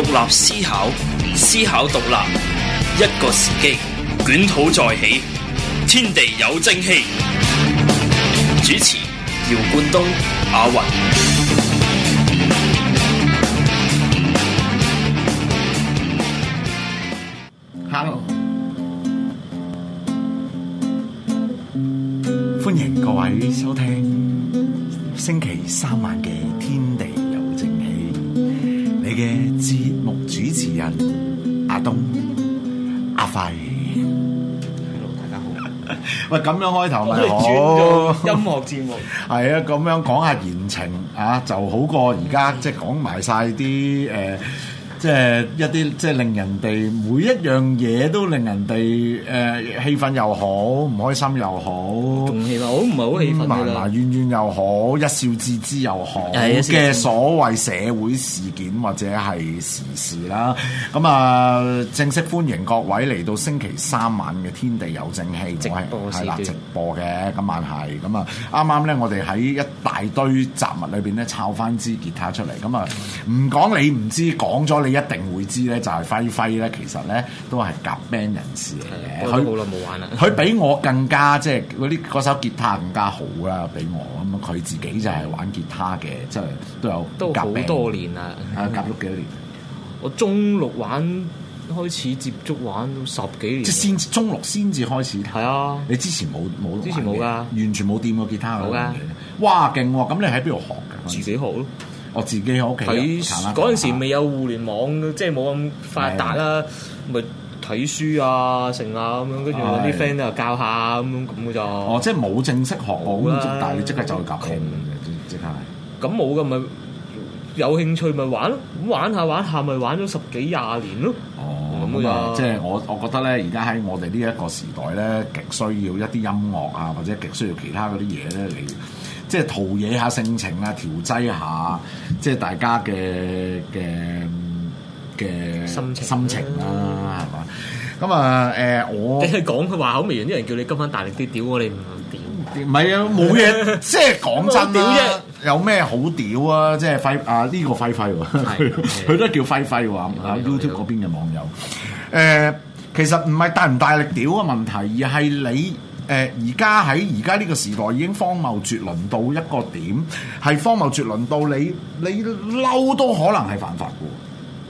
獨立思考，思考獨立。一個時機，捲土再起，天地有正氣。主持：姚冠東、阿雲。Hello，歡迎各位收聽星期三晚嘅天地嘅節目主持人阿東阿輝，Hello，大家好。 喂，咁樣開頭咪轉咗 音樂節目係 啊，咁樣講下言情啊，就好過而家 Okay. 即係講埋晒啲誒。呃 即係一啲即係令人哋每一樣嘢都令人哋誒氣憤又好，唔開心又好，唔好氣氛啦。嗱嗱怨怨又好，一笑置之又好嘅 所謂社會事件或者係時事啦。咁啊，正式歡迎各位嚟到星期三晚嘅天地有正氣，氣，係啦，直播嘅今晚係咁啊。啱啱咧，我哋喺一大堆雜物裏邊咧，抄翻支吉他出嚟。咁啊，唔講你唔知，講咗你一定會知咧，就係輝輝咧，其實咧都係夾 band 人士嚟嘅。佢好耐冇玩啦。佢比我更加即係嗰首吉他更加好啦，比我咁，佢自己就係玩吉他嘅，即係都有夾 band 都好多年啦，啊，夾咗幾多年？我中六玩開始接觸玩到十幾年，即係先中六先至開始。係啊，你之前冇，冇之前冇㗎，完全冇掂過吉他㗎。哇，勁喎！咁你喺邊度學嘅？自己學咯。我自己喺屋企睇，嗰陣是時未有互聯網，即係冇咁發達啦，咪睇的書啊，成啊咁樣，跟住啲 friend 又教下咁樣咁嘅就。哦，即係冇正式學喎，好的但係你即刻走去教。咁即即刻咁冇㗎咪，有興趣咪玩咯，咁玩下玩下咪玩咗十幾廿年咯。哦咁啊，即係、嗯、我，我覺得咧，而家喺我哋呢一個時代咧，極需要一啲音樂啊，或者極需要其他嗰啲嘢咧嚟，即係陶冶下性情啊，調劑下即係大家嘅嘅嘅心情、啊、心情啦，係嘛？咁啊，誒、啊呃、我你係講佢話口未完，啲人叫你今晚大力啲屌我你，你唔屌？唔係啊，冇嘢， 即係講真屌啫。 有咩好屌啊？即係輝啊呢、這個輝輝，佢都 叫輝輝話，YouTube 嗰邊嘅網友。誒、呃，其實唔係大唔大力屌嘅問題，而係你誒而家喺而家呢個時代已經荒謬絕倫到一個點，係荒謬絕倫到你你嬲都可能係犯法嘅。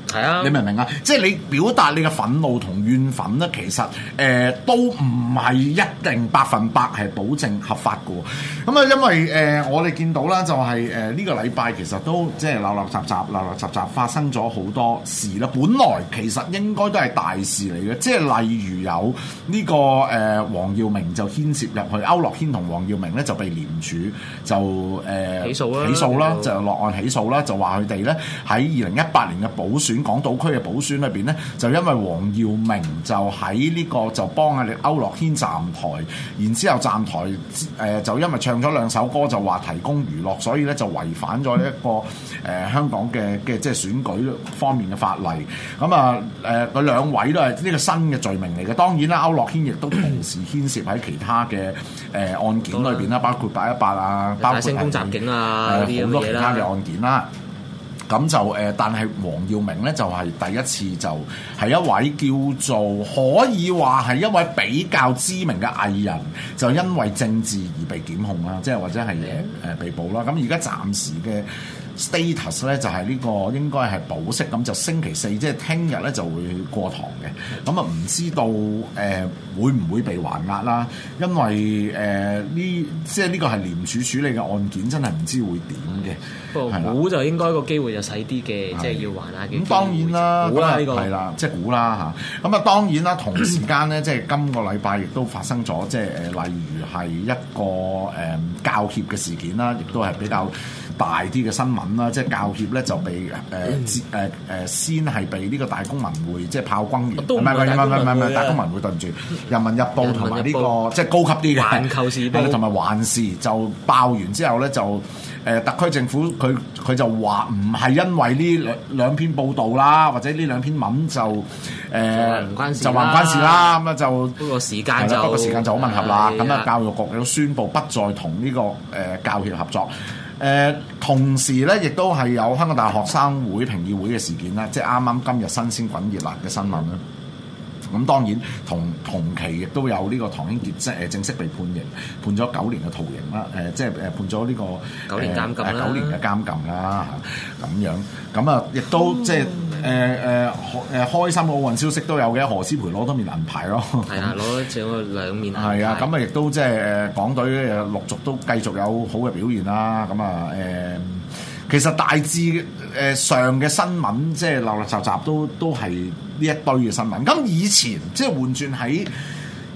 係啊！你明唔明啊？即係你表達你嘅憤怒同怨憤咧，其實誒都唔係一定百分百係保證合法嘅。咁啊，因為誒我哋見到啦，就係誒呢個禮拜其實都即係鬧鬧雜雜、鬧鬧雜雜發生咗好多事啦。本來其實應該都係大事嚟嘅，即係例如有呢個誒黃耀明就牽涉入去，區諾軒同黃耀明咧就被廉署就誒起訴啦，起訴啦，就落案起訴啦，就話佢哋咧喺二零一八年嘅補選，港島區嘅補選裏邊咧，就因為黃耀明就喺呢、這個就幫啊區諾軒站台，然之後站台誒、呃、就因為唱咗兩首歌就話提供娛樂，所以咧就違反咗一個誒、呃、香港嘅嘅即係選舉方面嘅法例。咁啊誒，佢、呃、兩位都係呢個新嘅罪名嚟嘅。當然啦，區諾軒亦都同時牽涉喺其他嘅誒、呃、案件裏邊啦，包括八一八啊，包括大聲公襲警啊，好那些 多其他嘅案件啦。咁就誒，但係黃耀明呢，就係、係、第一次就，就係一位叫做可以話係一位比較知名嘅藝人，就因為政治而被檢控啦，即係或者係誒被捕啦。咁而家暫時嘅 status 咧就係呢個應該係保釋，咁就星期四即係聽日咧就會過堂嘅。咁啊唔知道誒、呃、會唔會被還押啦？因為誒呢、呃、即係呢個係廉署處理嘅案件，真係唔知會點嘅。係、嗯、啦，估就應該個機會就細啲嘅，是即係要還押。咁、嗯、當然啦，係啦，即係估啦嚇。咁啊當然啦，同時間咧 即係今個禮拜亦都發生咗即係誒例如係一個誒教協嘅事件啦，亦都係比較。大啲嘅新聞啦，即係教協咧就被誒誒誒先係被呢個大公文匯即係炮轟完，唔係唔係唔係唔係大公文匯對唔住，《人民日報》同埋呢個即係高級啲嘅，同埋環時就爆完之後咧就誒特區政府佢佢就話唔係因為呢兩兩篇報導啦，或者呢兩篇文就誒就話唔關事啦，咁啊就嗰個時間不過時間就好吻合啦，咁啊教育局都宣布不再同呢個誒教協合作。誒、呃，同時咧，亦都係有香港大學生會評議會嘅事件啦。即係啱啱今日新鮮滾熱辣嘅新聞啦。咁當然同同期亦都有呢個唐英傑即係正式被判刑，判咗九年嘅徒刑啦。誒、呃，即係誒判咗呢、呢個九年監禁、呃、九年嘅監禁啦。咁、啊、 樣咁啊，亦都、嗯、即係。誒誒誒開心嘅奧運消息都有嘅，何詩蓓攞多面銀牌咯，係啊，攞咗整兩面銀牌。啊，咁啊、就是，亦都即係誒港隊嘅陸續都繼續有好嘅表現啦。咁啊誒、呃，其實大致誒上嘅新聞，即係嚡嚡雜雜都都係呢一堆嘅新聞。咁以前即係換轉喺。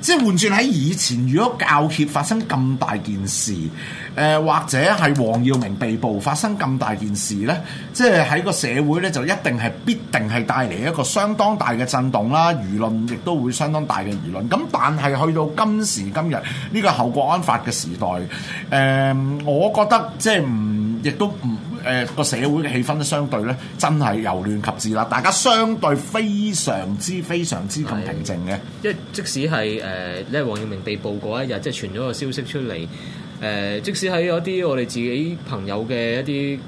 即係換轉喺以前，如果教協發生咁大件事，誒、呃、或者係黃耀明被捕發生咁大件事呢，即係喺個社會呢，就一定係必定係帶嚟一個相當大嘅震動啦，輿論亦都會相當大嘅輿論。咁但係去到今時今日呢、呢個後國安法嘅時代，誒、呃，我覺得即係唔亦都唔。誒個、呃、社會嘅氣氛都相對咧，真係由亂及治啦。大家相對非常之、非常之咁平靜嘅。即即使係誒咧，黃、呃、耀明被捕嗰一日，即傳咗個消息出嚟。誒、呃，即使喺一啲我哋自己朋友嘅一啲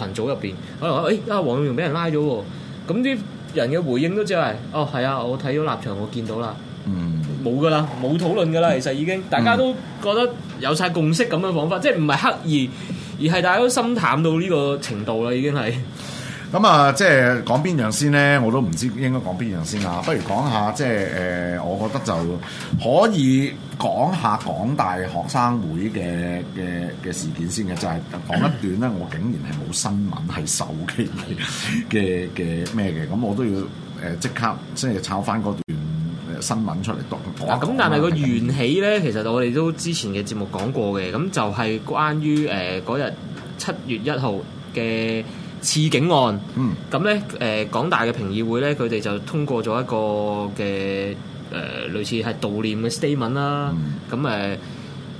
誒羣組入邊，可能話、欸：啊，黃耀明俾人拉咗喎。咁啲人嘅回應都只、就、係、是：哦，係啊，我睇咗立場，我見到啦。嗯，冇㗎喇，冇討論㗎喇。其實已經大家都覺得有晒共識咁嘅講法，嗯、即唔係刻意。而係大家都心淡到呢個程度啦，已經係咁、嗯、啊！即係講邊樣先咧，我都唔知應該講邊樣先啊！不如講下即係誒、呃、我覺得就可以講下港大學生會嘅嘅嘅事件先嘅，就係、是、講一段咧。 我竟然係冇新聞，係手機嘅嘅咩嘅，咁我都要誒即、呃、刻即係抄翻嗰段。新聞出嚟讀咁，但係個緣起呢，其實我哋都之前嘅節目講過嘅，咁就係關於誒嗰日七月一號嘅刺警案，咁、嗯、呢，誒、呃、港大嘅評議會呢，佢哋就通過咗一個嘅誒、呃、類似係悼念嘅 statement 啦、嗯，咁誒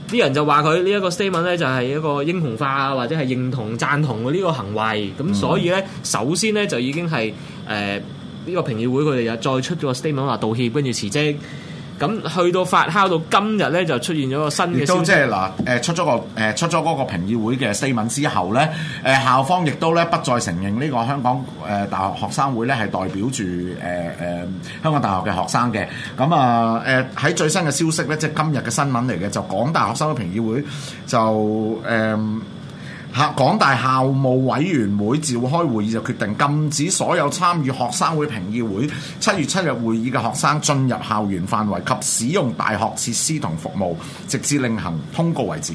啲人就話佢呢一個 statement 咧就係、是、一個英雄化或者係認同贊同嘅呢個行為，咁所以呢，嗯、首先呢，就已經係誒。呃呢個評議會佢哋又再出咗個 statement 話，道歉跟住辭職。咁去到發酵到今日咧就出現咗個新嘅消息，即係嗱，誒、呃、出咗個誒、呃、出咗嗰個評議會嘅 statement 之後咧，誒、呃、校方亦都咧不再承認呢個香港誒、呃、大學學生會咧係代表住誒誒香港大學嘅學生嘅，咁啊誒喺最新嘅消息咧即係今日嘅新聞嚟嘅，就港大學生嘅評議會就誒。呃嚇！港大校務委員會召開會議就決定禁止所有參與學生會評議會七月七日會議嘅學生進入校園範圍及使用大學設施同服務，直至另行通告為止。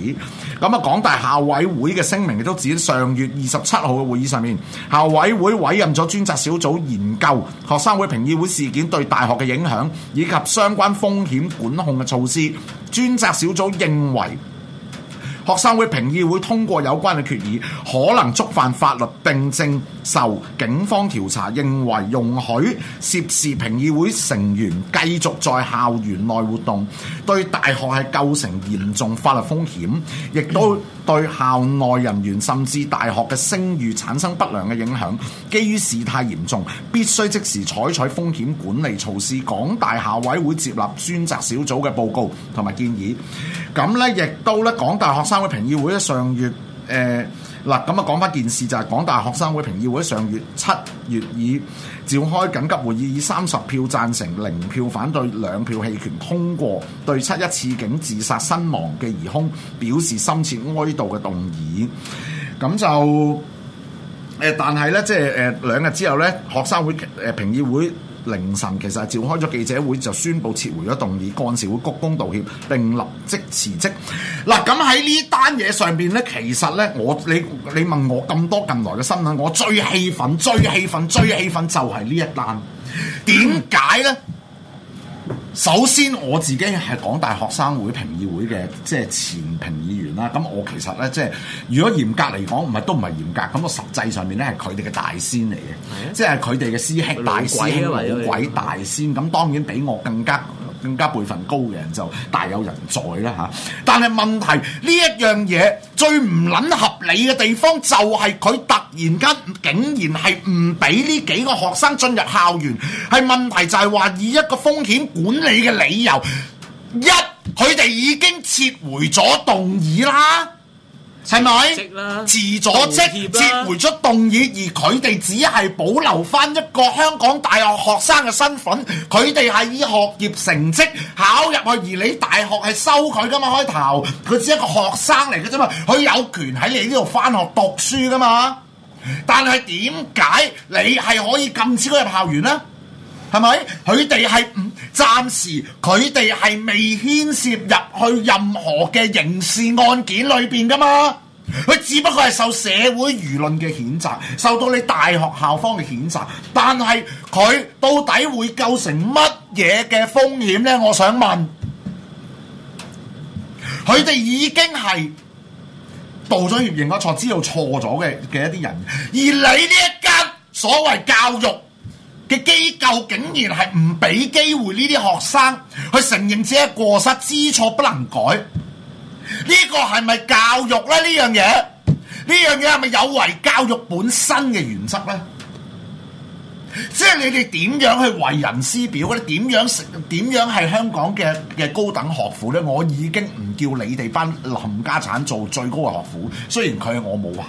咁啊，港大校委會嘅聲明亦都指上月二十七號嘅會議上面，校委會委任咗專責小組研究學生會評議會事件對大學嘅影響以及相關風險管控嘅措施。專責小組認為，學生會評議會通過有關嘅決議，可能觸犯法律並正受警方調查，認為容許涉事評議會成員繼續在校園內活動，對大學係構成嚴重法律風險，亦都，對校內人員甚至大學嘅聲譽產生不良嘅影響，基於事態嚴重，必須即時採取風險管理措施。港大校委會接納專責小組嘅報告同埋建議，咁咧亦都咧港大學生會評議會咧上月誒。呃嗱，咁啊，講翻件事就係、是、港大學生會評議會上月七月以召開緊急會議，以三十票贊成、零票反對、兩票棄權通過對七一刺警自殺身亡嘅疑凶表示深切哀悼嘅動議。咁就、呃、但係呢，即係誒、呃、兩日之後呢，學生會誒、呃、評議會。凌晨其實係召開咗記者會，就宣布撤回咗動議，幹事會鞠躬道歉並立即辭職。嗱、啊，咁喺呢單嘢上邊呢，其實呢，我，你你問我咁多近來嘅新聞，我最氣憤、最氣憤、最氣憤就係呢一單。點解呢？嗯首先我自己係港大學生會評議會嘅即係前評議員啦，咁我其實咧即係如果嚴格嚟講，唔係都唔係嚴格，咁我實際上面咧係佢哋嘅大仙嚟嘅，的即係佢哋嘅師兄大師兄、老鬼大仙，咁當然比我更加更加輩分高嘅人就大有人在啦嚇、啊，但係問題呢一樣嘢最唔撚合理嘅地方就係佢突然間竟然係唔俾呢幾個學生進入校園，係問題就係話以一個風險管理嘅理由，一佢哋已經撤回咗動議啦。係咪？辭咗職撤回咗動議，而佢哋只係保留翻一個香港大學學生嘅身份。佢哋係以學業成績考入去，而你大學係收佢噶嘛？開頭佢只係一個學生嚟嘅啫嘛，佢有權喺你呢度翻學讀書噶嘛？但係點解你係可以禁止佢入校園呢？係咪？佢哋係唔暫時，佢哋係未牽涉入去任何嘅刑事案件裏邊噶嘛？佢只不過係受社會輿論嘅譴責，受到你大學校方嘅譴責。但係佢到底會構成乜嘢嘅風險咧？我想問，佢哋已經係道咗歉，認咗錯、知道錯咗嘅嘅一啲人，而你呢一間所謂教育嘅機構竟然係唔俾機會呢啲學生去承認自己過失、知錯不能改，呢、呢個係咪教育呢？呢樣嘢，呢樣嘢係咪有違教育本身嘅原則呢？即係你哋點樣去為人師表呢？點樣，點樣係香港嘅嘅高等學府呢？我已經唔叫你哋班林家產做最高嘅學府，雖然佢係我母校。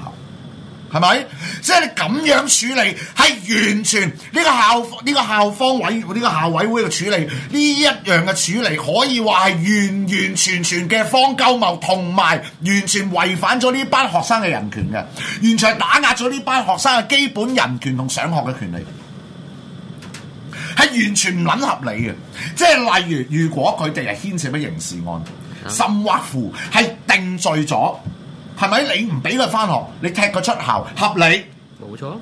係咪？即係你咁樣處理，係完全呢、這個校呢、這個校方委呢、這個校委會嘅處理呢一樣嘅處理，處理可以話係完完全全嘅荒鳩謀，同埋完全違反咗呢班學生嘅人權嘅，完全係打壓咗呢班學生嘅基本人權同上學嘅權利，係完全唔撚合理嘅。即係例如，如果佢哋係牽涉咗刑事案，甚或乎係定罪咗。係咪你唔俾佢翻學，你踢佢出校合理？冇錯錯，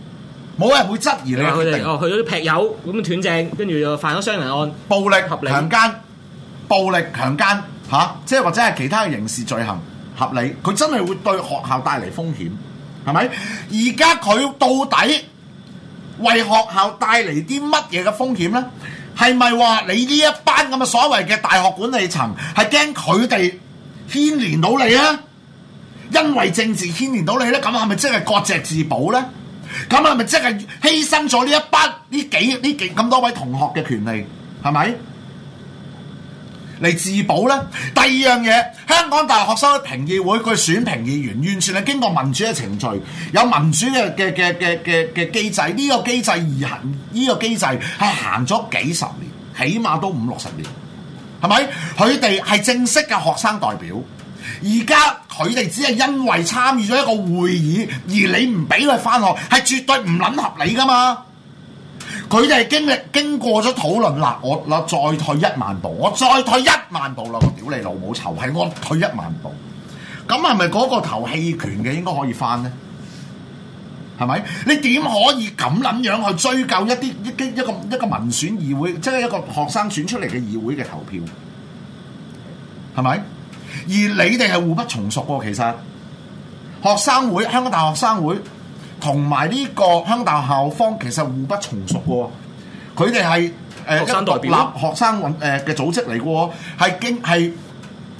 冇人會質疑你。佢哋定哦，去咗啲劈友，咁斷正，跟住又犯咗傷人案、暴力強奸、強奸理、暴力強奸吓，即係或者係其他刑事罪行合理？佢真係會對學校帶嚟風險，係咪？而家佢到底為學校帶嚟啲乜嘢嘅風險咧？係咪話你呢一班咁嘅所謂嘅大學管理層係驚佢哋牽連到你咧？ 因為政治牽連到你咧，咁係咪即係割蓆自保咧？咁係咪即係犧牲咗呢一班呢幾呢幾咁多位同學嘅權利，係咪嚟自保咧？第二樣嘢，香港大學生嘅評議會，佢選評議員，完全係經過民主嘅程序，有民主嘅嘅嘅嘅嘅嘅機制，呢、這個機制而行，呢、這個機制係行咗幾十年，起碼都五六十年，係咪？佢哋係正式嘅學生代表。而家佢哋只係因為參與咗一個會議，而你唔俾佢翻學，係絕對唔捻合理噶嘛？佢哋係經歷經過咗討論啦，我啦再退一萬步，我再退一萬步啦，我屌你老母，求係我退一萬步。咁係咪嗰個投棄權嘅應該可以翻呢？係咪？你點可以咁捻樣去追究一啲一一個一個民選議會，即係一個學生選出嚟嘅議會嘅投票？係咪？而你哋係互不從屬喎，其實學生會、香港大學生會同埋呢個香港大學校方，其實互不從屬喎，佢哋係誒立學生運嘅、呃、組織嚟嘅喎，係經係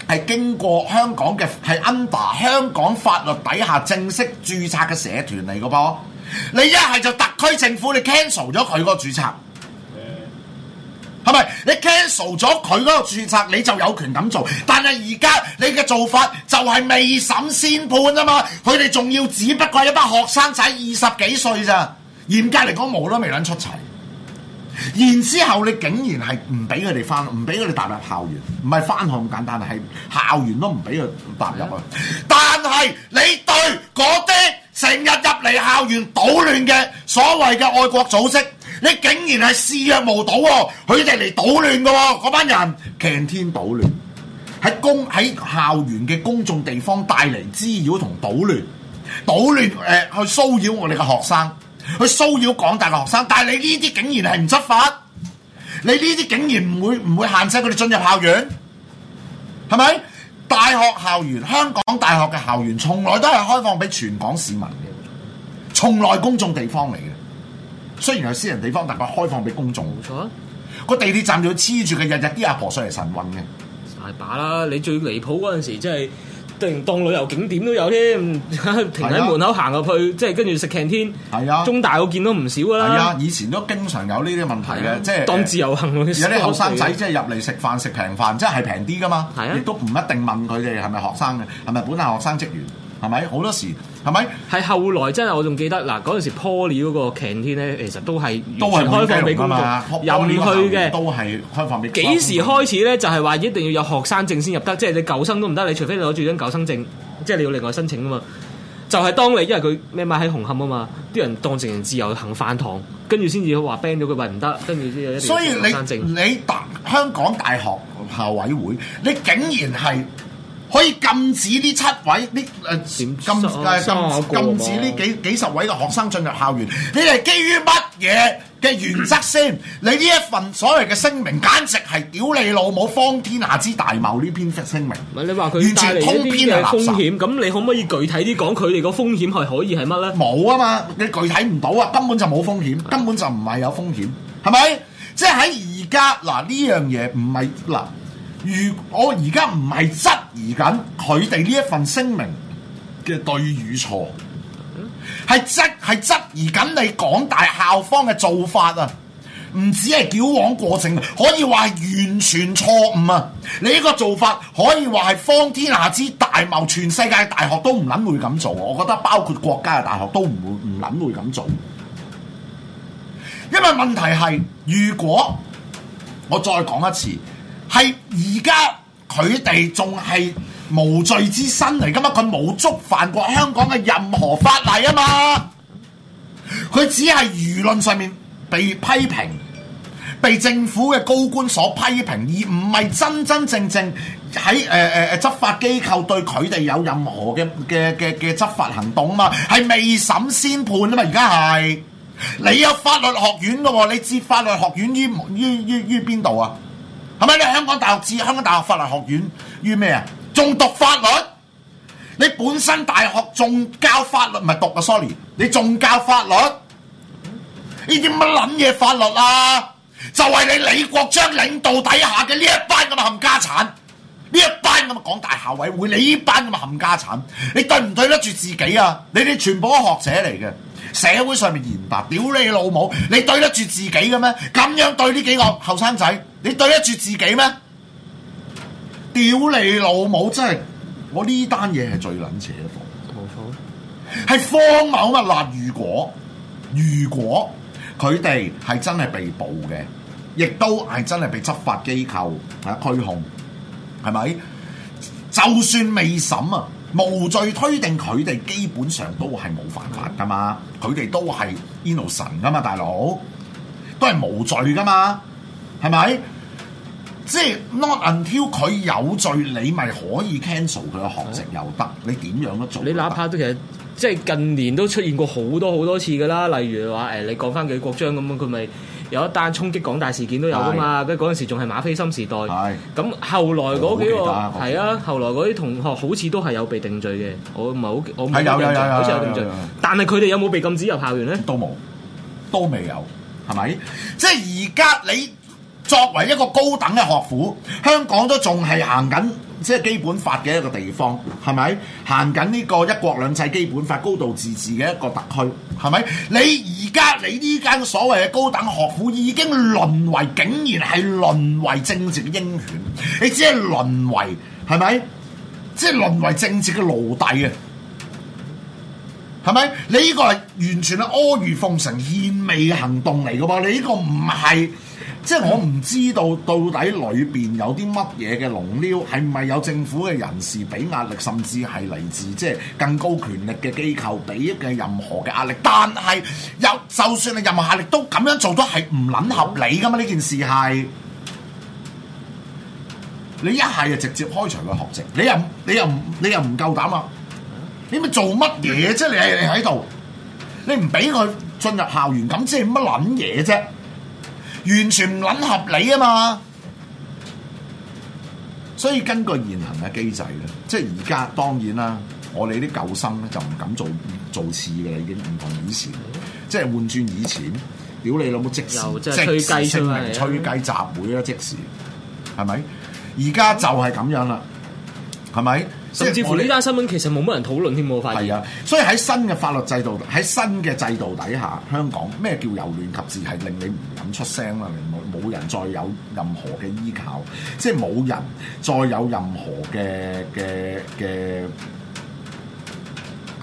係經過香港嘅係 under 香港法律底下正式註冊嘅社團嚟嘅噃，你一係就特區政府你 cancel 咗佢個註冊。係咪？你 cancel 咗佢嗰個註冊，你就有權咁做。但係而家你嘅做法就係未審先判啊嘛！佢哋仲要只不過一班學生仔，二十幾歲咋。嚴格嚟講，毛都未能出齊。然之後你竟然係唔俾佢哋翻，唔俾佢哋踏入校園，唔係翻學咁簡單，係校園都唔俾佢踏入啊！但係你對嗰啲成日入嚟校園搗亂嘅所謂嘅愛國組織。你竟然係視若無睹喎，哦！佢哋嚟搗亂嘅喎，哦，嗰班人擎天搗亂，喺公喺校園嘅公眾地方帶嚟滋擾同搗亂，搗亂誒、呃、去騷擾我哋嘅學生，去騷擾港大嘅學生。但係你呢啲竟然係唔執法，你呢啲竟然唔會唔會限制佢哋進入校園，係咪？大學校園，香港大學嘅校園，從來都係開放俾全港市民嘅，從來公眾地方嚟嘅。雖然係私人地方，但佢開放俾公眾。冇錯啊，個地鐵站仲要黐住佢，日日啲阿婆上嚟晨運嘅。大把啦，你最離譜嗰陣時，即係突然當旅遊景點都有添，停喺門口行入去，即係跟住食 canteen。係啊，中大我見到唔少啦。係啊，以前都經常有呢啲問題嘅，啊、即係當自由行有啲後生仔即係入嚟食飯食平飯，即係係平啲㗎嘛。係啊，亦都唔一定問佢哋係咪學生嘅，係咪本校學生職員，係咪好多時。係咪？係後來真係我仲記得嗱，嗰陣時 Poly 嗰個 canteen 咧，其實都係都係開放俾公眾入去嘅，都係開放俾。幾時開始咧？就係、是、話一定要有學生證先入得，即係你舊生都唔得，你除非你攞住張舊生證，即係你要另外申請㗎嘛？就係、是、當你因為佢咩嘛喺紅磡啊嘛，啲人當成人自由行飯堂，跟住先至話 ban 咗佢話唔得，跟住先有。所以你你大香港大學校委會，你竟然係。可以禁止呢七位呢？誒點禁誒禁禁止呢幾幾十位嘅學生進入校園？你哋基於乜嘢嘅原則先？你呢一份所謂嘅聲明，簡直係屌你老母方天下之大謀呢篇嘅聲明。唔係你話佢完全通篇係風險？咁你可唔可以具體啲講佢哋個風險係可以係乜咧？冇啊嘛，你具體唔到啊，根本就冇風險，根本就唔係有風險，係咪？即係喺而家嗱呢樣嘢唔係嗱。如我而家唔係質疑緊佢哋呢一份聲明嘅對與錯，係、嗯、質係質疑緊你港大校方嘅做法啊！唔止係矯枉過程，可以話係完全錯誤啊！你呢個做法可以話係方天下之大謀，全世界大學都唔撚會咁做，我覺得包括國家嘅大學都唔會唔撚會咁做。因為問題係，如果我再講一次。係而家佢哋仲係無罪之身嚟㗎嘛？佢冇觸犯過香港嘅任何法例啊嘛！佢只係輿論上面被批評，被政府嘅高官所批評，而唔係真真正正喺誒誒誒執法機構對佢哋有任何嘅嘅嘅嘅執法行動啊嘛！係未審先判啊嘛！而家係你有法律學院嘅喎，你知法律學院於於於於邊度啊？係咪你香港大學資香港大學法律學院於咩啊？仲讀法律？你本身大學仲教法律，唔係讀嘅，啊，sorry。你仲教法律？呢啲乜撚嘢法律啊？就係、是、你李國章領導底下嘅呢一班咁嘅冚家產，呢一班咁嘅港大校委會，你呢班咁嘅冚家產，你對唔對得住自己啊？你哋全部都學者嚟嘅。社會上面言白，屌你老母！你對得住自己嘅咩？咁樣對呢幾個後生仔，你對得住自己咩？屌你老母！真係，我呢單嘢係最撚扯嘅貨。冇錯，係荒謬嗱？如果如果佢哋係真係被捕嘅，亦都係真係被執法機構係拘控，係咪？就算未審啊！無罪推定，佢哋基本上都係冇犯法噶嘛，佢哋都係 innocent 噶嘛，大佬都係無罪噶嘛，係咪？即係 not until 佢有罪，你咪可以 cancel 佢嘅學籍又得，的你點樣都做。你哪怕都其實即係近年都出現過好多好多次噶啦，例如話誒、哎，你講翻幾國章咁啊，佢咪。有一單衝擊港大事件都有噶嘛？跟住嗰陣時仲係馬斐森時代，咁是的 後來嗰幾個係啊，後來嗰啲同學好似都係有被定罪嘅。我唔係好，我唔係有印象，的好似有定罪。但係佢哋有冇被禁止入校園咧？都冇，都未有，係咪？即係而家你作為一個高等嘅學府，香港都仲係行緊。即係基本法嘅一個地方，係咪行緊呢個一國兩制基本法高度自治嘅一個特區，係咪？你而家你呢間所謂嘅高等學府已經淪為，竟然係淪為政治嘅鷹犬，你只係淪為係咪？即係淪為政治嘅奴隸啊！係咪？你呢個係完全係阿諛奉承獻媚嘅行動嚟嘅噃，你呢個唔係。即係我唔知道到底裏邊有啲乜嘢嘅龍嬌，係唔係有政府嘅人士俾壓力，甚至係嚟自即係更高權力嘅機構俾嘅任何嘅壓力。但係有，就算你任何壓力都咁樣做咗係唔撚合理㗎嘛？呢件事係你一係就直接開除佢學籍，你又你又你又唔夠膽啊！你咪做乜嘢啫？你喺度，你唔俾佢進入校園，咁即係乜撚嘢啫？完全唔撚合理啊嘛，所以根據現行嘅機制咧，即係而家當然啦，我哋啲舊生咧就唔敢做做次嘅啦，已經唔同以前，嗯、即係換轉以前，屌你老母即時即時聲明吹雞集會啦，啊，即時，係咪？而家就係咁樣啦，係咪，嗯？是甚至乎呢單新聞其實冇乜人討論添喎，發現。係啊，所以喺新嘅法律制度，喺新嘅制度底下，香港咩叫由亂及治係令你唔敢出聲啦，令冇人再有任何嘅依靠，即係冇人再有任何嘅嘅嘅，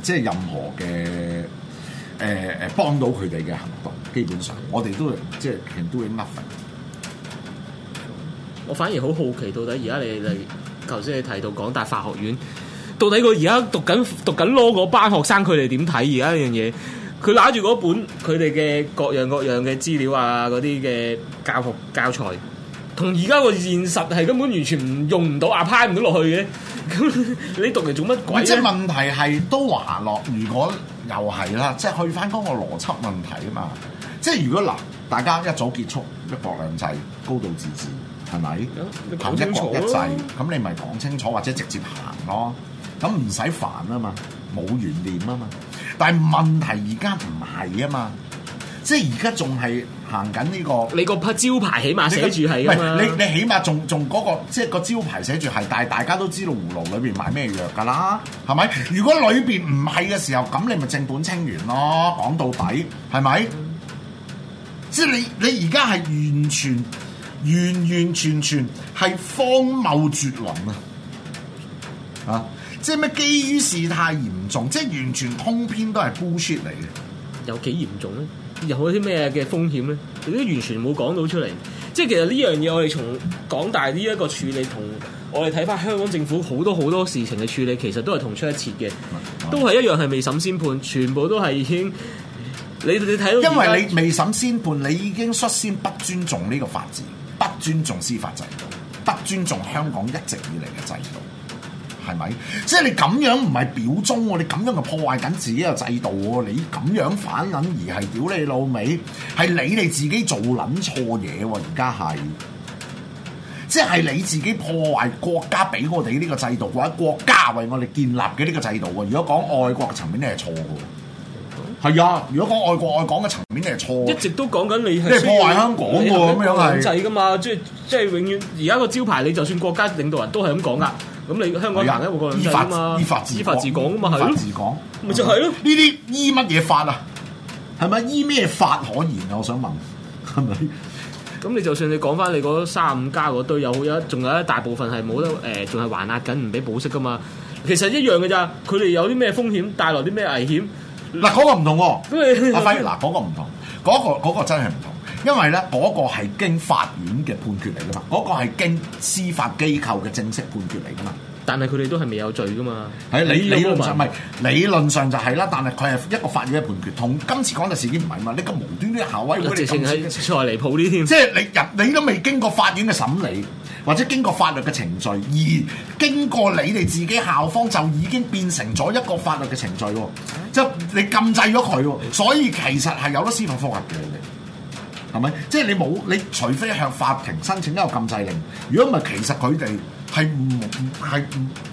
即係任何嘅誒誒幫到佢哋嘅行動。基本上，我哋都即係 doing nothing。我反而好好奇，到底而家你你？ 頭先你提到港大法學院，到底佢而家讀緊讀緊 law 嗰班學生佢哋點睇而家呢樣嘢？佢攞住嗰本佢哋嘅各樣各樣嘅資料啊，嗰啲嘅教學教材，同而家個現實係根本完全用唔到， 啊，派唔到落去嘅。你讀嚟做乜鬼？即係問題係都話落，如果又係啦，即係去返嗰個邏輯問題啊嘛。即係如果嗱，大家一早結束一國兩制高度自治。係咪行一國一制？咁、啊、你咪講清楚，講講清楚或者直接行咯。咁唔使煩啊嘛，冇懸念啊嘛。但係問題而家唔係啊嘛，即係而家仲係行緊、這、呢個。你個塊招牌起碼寫住係啊，你的係咪你，你起碼仲仲嗰個即係個招牌寫住係，但係大家都知道葫蘆裏邊賣咩藥㗎啦，係咪？如果裏邊唔係嘅時候，咁你咪正本清源咯。講到底係咪？是是嗯、即係你你而家係完全。完完全全係荒謬絕倫啊！啊，即係咩？基於事態嚴重，即係完全通篇都係 bullshit 嚟嘅。有幾嚴重咧？有啲咩嘅風險咧？你都完全冇講到出嚟。即係其實呢樣嘢，我哋從港大呢一個處理，同我哋睇翻香港政府好多好多事情嘅處理，其實都係同出一轍嘅，啊、都係一樣係未審先判，全部都係已經你你睇到，因為你未審先判，你已經率先不尊重呢個法治。不尊重司法制度，不尊重香港一直以嚟嘅制度，係咪？即係你咁樣唔係表忠，你咁樣就破壞緊自己嘅制度。你咁樣反捻而係屌你老味，係你哋自己做捻錯嘢。而家係即係你自己破壞國家俾我哋呢個制度，或者國家為我哋建立嘅呢個制度。如果講愛國層面咧，係錯嘅。係啊！如果講愛國愛港嘅層面，係錯。一直都講緊你係破壞香港咁樣樣制噶嘛，就係、即係即係永遠。而家個招牌，你就算國家領導人都係咁講噶。咁、嗯、你香港人咧，冇國人制啊嘛，依法治國，依法治港啊嘛，係咪了就係咯？呢啲了依乜嘢法啊？係咪依咩法可言啊？我想問，係咪？咁 你就算你講翻你嗰三十五加嗰堆有有一仲有一大部分係冇得誒，仲、呃、係還，還押緊唔俾保釋噶嘛？其實一樣嘅咋。佢哋有啲咩風險，帶來啲咩危險？嗱，嗰個唔同喎、 阿輝，嗱，嗰個唔同，嗰、嗰個嗰個真係唔同，因為咧嗰、嗰個係經法院嘅判決嚟噶嘛，嗰、嗰個係經司法機構嘅正式判決嚟噶嘛，但係佢哋都係未有罪噶嘛，理理論上，理論上就係啦，但係佢係一個法院嘅判決，同今次講嘅事件唔係嘛？你咁無端端下威，個性質係再離譜啲添，即係你入你都未經過法院嘅審理。或者經過法律嘅程序，而經過你哋自己校方就已經變成咗一個法律嘅程序喎，即係你禁制咗佢喎，所以其實係有得司法覆核嘅，你係咪？即係你冇，你除非向法庭申請一個禁制令，如果唔係，其實佢哋係唔係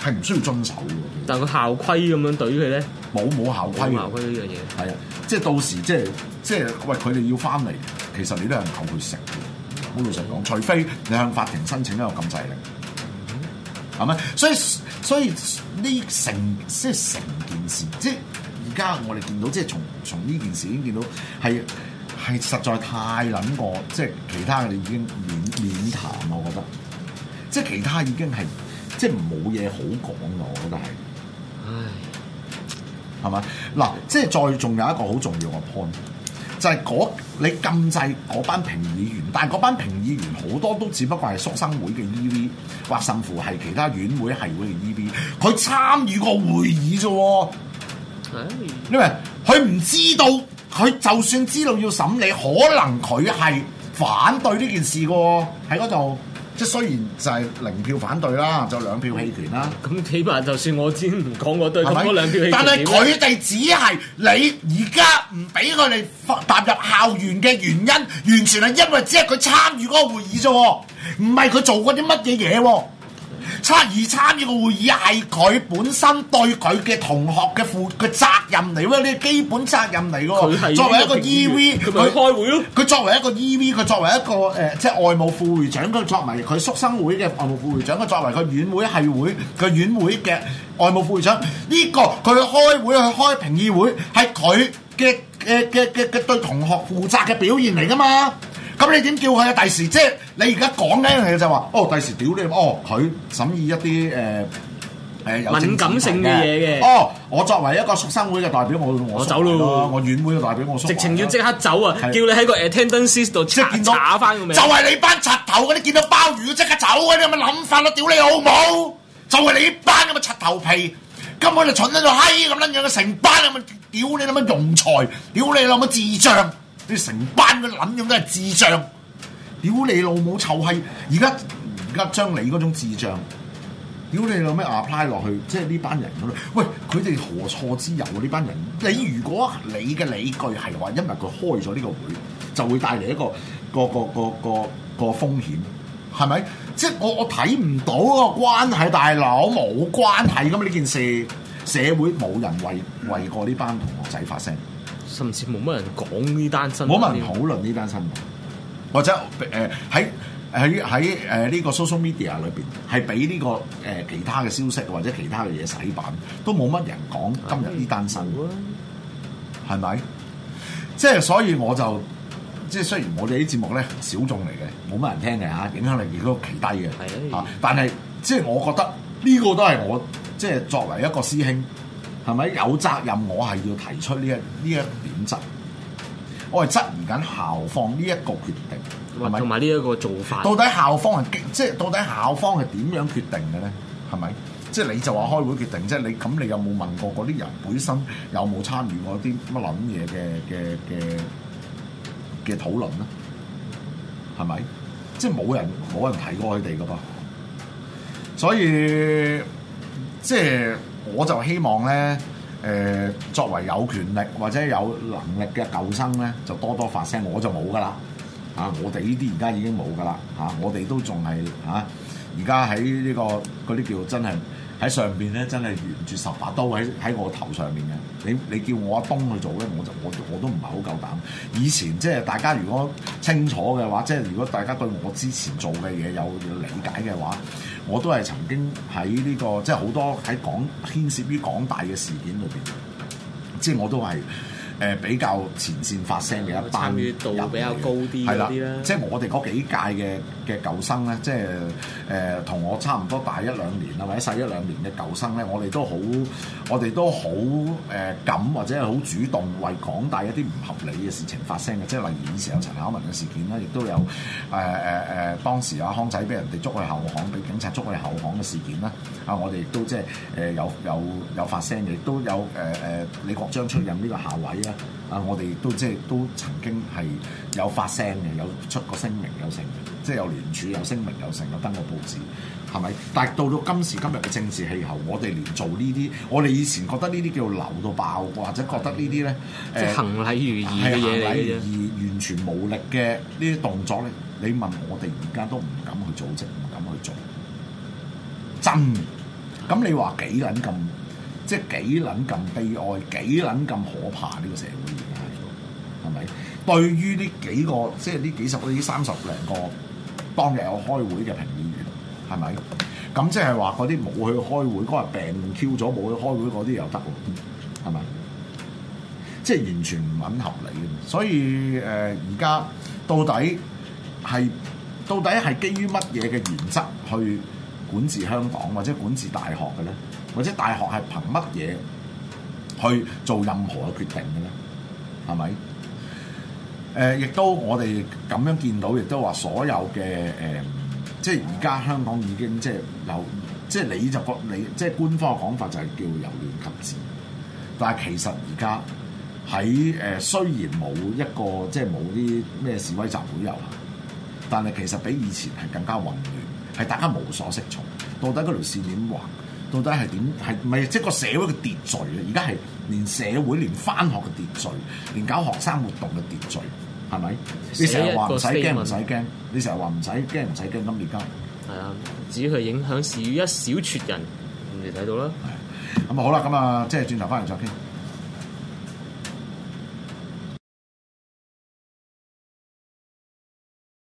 係唔需要遵守嘅。但個校規咁樣對佢咧，冇冇校規嘅校規呢樣嘢，係啊，即係到時即係即係，喂，佢哋要返嚟，其實你都係唔夠佢食。法律上講，除非你向法庭申請一個禁制令，係咪、mm hmm.？所以所以呢成即係成件事，即係而家我哋見到，即係從從呢件事已經見到係係實在太撚過，即係其他嘅已經免免，免談我覺得，即係其他已經係即係冇嘢好講噶，我覺得係，唉，係咪？嗱，即係再仲有一個好重要嘅 point。就係你禁制嗰班評議員，但係嗰班評議員好多都只不過係宿生會嘅 E V，或甚至乎係其他院會系會嘅 E V，佢參與過會議啫，因為佢唔知道，佢就算知道要審理，可能佢係反對呢件事嘅喺嗰度。即係雖然就係零票反對啦，就兩票棄權啦。咁起碼就算我之前講我對，咁嗰兩票棄權。但係佢哋只係你而家唔俾佢哋踏入校園嘅原因，完全係因為只係佢參與嗰個會議啫，唔係佢做過啲乜嘢嘢喎。參與參與個會議係佢本身對佢嘅同學嘅負嘅責任嚟，因為呢個基本責任嚟喎。佢係是作為一個 EV 佢開會咯。佢作為一個 EV，佢作為一個誒，即、呃、係、就是、外務副會長。佢作為佢宿生會嘅外務副會長，佢作為佢院會係會嘅院會嘅外務副會長。呢、 這個佢開會去開評議會係佢嘅嘅嘅嘅對同學負責嘅表現嚟㗎嘛。咁、嗯、你點叫佢啊？第時即係你而家講緊一樣嘢就係、是、話，哦，第時屌你哦，佢審議一啲誒誒有敏感性嘅嘢嘅。哦，我作為一個學生會嘅代表，我我，我走咯，我院會嘅代表我直情要即刻走啊！是叫你喺個 attendance 度查打翻個名，就係你班柒頭嗰啲，見到鮑魚即刻走啊！你咁嘅諗法咯，屌你好冇！就係、是、你班咁嘅柒頭皮，根本就蠢得到閪咁樣樣成班咁嘅，屌你咁乜庸才，屌你諗乜智障！啲成班嘅撚樣都係智障，屌你老母臭閪！而家而家將你嗰種智障，屌你老咩 apply 落去？即係呢班人度，喂，佢哋何錯之有啊？呢班人，你如果你嘅理據係話，因為佢開咗呢個會，就會帶嚟一個個個個個個風險，係咪？即係我我睇唔到個關係，大佬冇關係㗎嘛！呢件事社會冇人為為過呢班同學仔發聲。甚至冇乜人講呢單新聞，冇乜人討論呢單新聞，或者誒喺喺喺誒呢個 social media 裏邊，係俾呢個誒、呃、其他嘅消息或者其他嘅嘢洗版，都冇乜人講今日呢單新聞，係咪的？即係吧、即係、所以我就即係、即係、雖然我哋啲節目咧小眾嚟嘅，冇乜人聽嘅嚇，影響力亦都奇低嘅嚇的、啊，但係即係我覺得呢、呢個都係我即係、即係、作為一個師兄。係咪有責任？我係要提出呢一呢一點質，我係質疑緊校方呢一個決定，同埋呢一個做法到。到底校方係即係到底校方係點樣決定嘅咧？係咪即係你就話開會決定即係？你咁你有冇問過嗰啲人本身有冇參與嗰啲乜撚嘢嘅嘅嘅嘅討論咧？係咪即係冇人冇人提過佢哋㗎噃？所以即係。我就希望咧，誒、呃，作為有權力或者有能力嘅舊生咧，就多多發聲。我就冇噶啦，吓、啊，我哋呢啲而家已經冇噶啦，吓、啊,我哋都仲係，吓、啊，而家喺呢個嗰啲叫真係。喺上邊咧，真係沿住十把刀喺喺我頭上面嘅。你你叫我阿東去做咧，我就我我都唔係好夠膽。以前即係大家如果清楚嘅話，即係如果大家對我之前做嘅嘢有有理解嘅話，我都係曾經喺呢個即係好多喺港牽涉於港大嘅事件裏邊，即係我都係。誒比較前線發聲嘅一班人，參與度比較高啲嗰啲啦。即係、就是、我哋幾屆嘅嘅舊生咧，即係誒同我差唔多大一兩年啊，或者細一兩年嘅舊生咧，我哋都好，我哋都好誒敢或者係好主動為廣大一啲唔合理嘅事情發聲嘅。即係例如以前有陳巧文嘅事件啦，亦都有誒誒誒當時阿康仔俾人哋捉去後巷，俾警察捉去後巷嘅事件啦。啊，我哋亦都即係誒有有有發聲嘅，亦都有誒誒李國章出任呢個校委啊。啊！黃 West 嗯、我哋都即係都曾經係有發聲嘅，有出過聲明，有成，即係有聯署，有聲明，有成，有登過報紙，係咪？但係到到今時今日嘅政治氣候，我哋連做呢啲，我哋以前覺得呢啲叫流到爆，或者覺得呢啲咧，即係行禮如儀、呃，係行禮如儀，完全無力嘅呢啲動作咧，你問我哋而家都唔敢去組織，唔敢去做。真。咁你話幾撚咁？嗯即係幾撚咁悲哀，幾撚咁可怕呢個社會現象喺度，係咪？對於呢幾個，即係呢幾十、呢三十零個當日有開會嘅評議員，係咪？咁即係話嗰啲冇去開會，嗰日病 Q 咗冇去開會嗰啲又得喎，係咪？即係完全唔吻合理嘅。所以誒，而家到底係到底係基於乜嘢嘅原則去？管治香港或者管治大學嘅咧，或者大學係憑乜嘢去做任何嘅決定嘅咧？係咪？誒、呃，亦都我哋咁樣見到，亦都話所有嘅誒、呃，即係而家香港已經即係有，即係你就覺你即係官方嘅講法就係叫由亂及治，但係其實而家喺誒雖然冇一個即係冇啲咩示威集會遊行，但係其實比以前係更加混亂。係大家無所適從，到底嗰條線點畫？到底係點，係咪？即係個社會嘅秩序啊！而家係連社會、連返學嘅秩序，連搞學生活動嘅秩序，係咪？一你成日話唔使驚，唔使驚，a statement, 你成日話唔使驚，唔使驚，咁而家係啊，至於佢影響少一小撮人，你睇到啦。咁啊好啦，咁啊即係轉頭返嚟再傾。